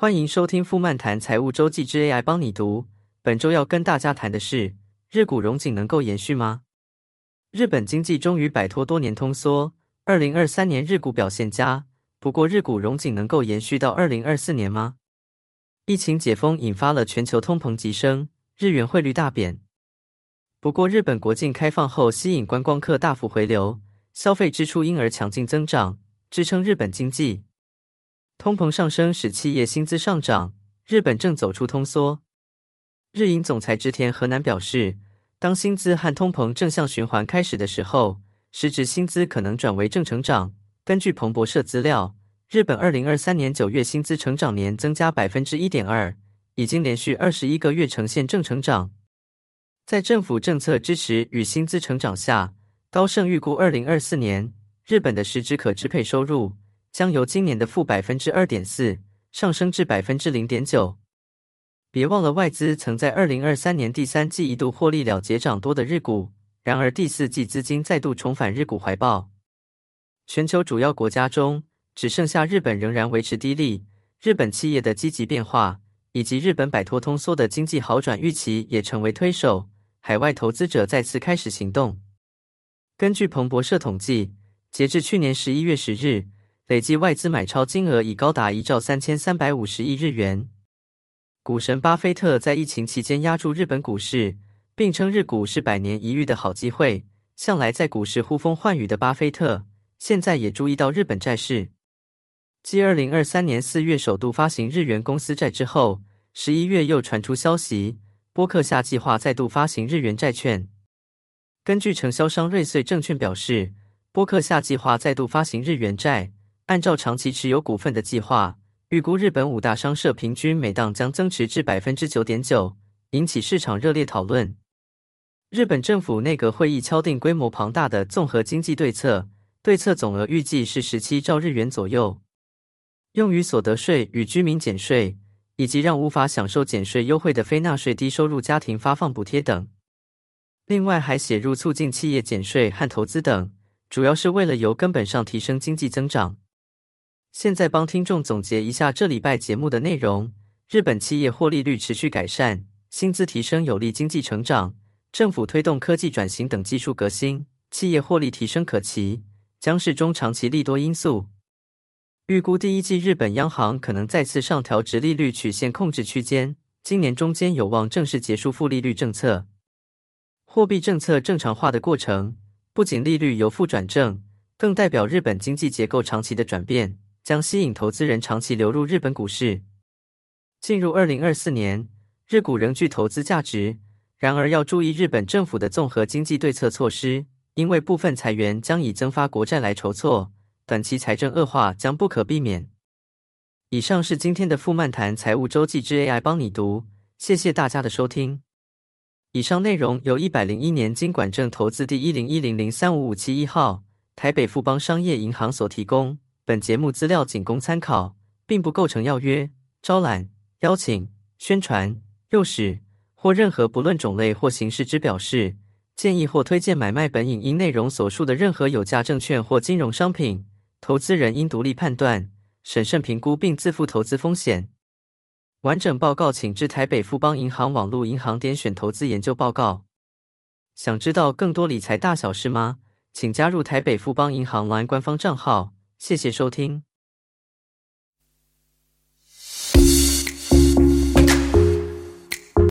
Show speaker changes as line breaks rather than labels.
歡迎收聽富漫談財務週記之 AI 幫你讀。本周要跟大家談的是：日股榮景能夠延續嗎？日本經濟終於擺脫多年通縮，二零二三年日股表現佳。不過，日股榮景能夠延續到二零二四年嗎？疫情解封引發了全球通膨急升，日元匯率大貶。不過，日本國境開放後，吸引觀光客大幅回流，消費支出因而強勁增長，支撐日本經濟。通膨上升使企業薪資上漲，日本正走出通縮。日銀總裁植田和男表示，當薪資和通膨正向循環開始的時候，實質薪資可能轉為正成長。根據彭博社資料，日本二零二三年九月薪資成長年增加百分之一點二，已經連續二十一個月呈現正成長。在政府政策支持與薪資成長下，高盛預估二零二四年日本的實質可支配收入，將由今年的負百分之二點四上升至百分之零點九。別忘了，外資曾在二零二三年第三季一度獲利了結漲多的日股，然而第四季資金再度重返日股懷抱。全球主要國家中，只剩下日本仍然維持低利。日本企業的積極變化以及日本擺脫通縮的經濟好轉預期，也成為推手，海外投資者再次開始行動。根據彭博社統計，截至去年十一月十日，累計外資買超金額已高達一兆三千三百五十億日元。股神巴菲特在疫情期間押注日本股市，並稱日股是百年一遇的好機會。向來在股市呼風喚雨的巴菲特，現在也注意到日本債市。繼二零二三年四月首度發行日元公司債之後，十一月又傳出消息，波克夏計劃再度發行日元債券。根據承銷商瑞穗證券表示，波克夏計劃再度發行日元債。按照長期持有股份的計劃，預估日本五大商社平均每檔將增持至百分之九點九，引起市場熱烈討論。日本政府內閣會議敲定規模龐大的綜合經濟對策，對策總額預計是十七兆日元左右，用於所得稅與居民減稅，以及讓無法享受減稅優惠的非納稅低收入家庭發放補貼等。另外還寫入促進企業減稅和投資等，主要是為了由根本上提升經濟增長。現在幫聽眾總結一下這禮拜節目的內容：日本企業獲利率持續改善，薪資提升有利經濟成長；政府推動科技轉型等技術革新，企業獲利提升可期，將是中長期利多因素。預估第一季日本央行可能再次上調殖利率曲線控制區間，今年中間有望正式結束負利率政策，貨幣政策正常化的過程，不僅利率由負轉正，更代表日本經濟結構長期的轉變。將吸引投資人長期流入日本股市。進入二零二四年，日股仍具投資價值。然而，要注意日本政府的綜合經濟對策措施，因為部分裁員將以增發國債來籌措，短期財政惡化將不可避免。以上是今天的富漫談財務週記之 AI 幫你讀，謝謝大家的收聽。以上內容由一百零一年金管證投字第一零一零零三五五七一號台北富邦商業銀行所提供。本節目資料僅供參考，並不構成要約、招攬、邀請、宣傳、誘使或任何不論種類或形式之表示、建議或推薦買賣本影音內容所述的任何有價證券或金融商品。投資人應獨立判斷、審慎評估並自負投資風險。完整報告請至台北富邦銀行網路銀行點選投資研究報告。想知道更多理財大小事嗎？請加入台北富邦銀行 LINE 官方賬號。謝謝收聽。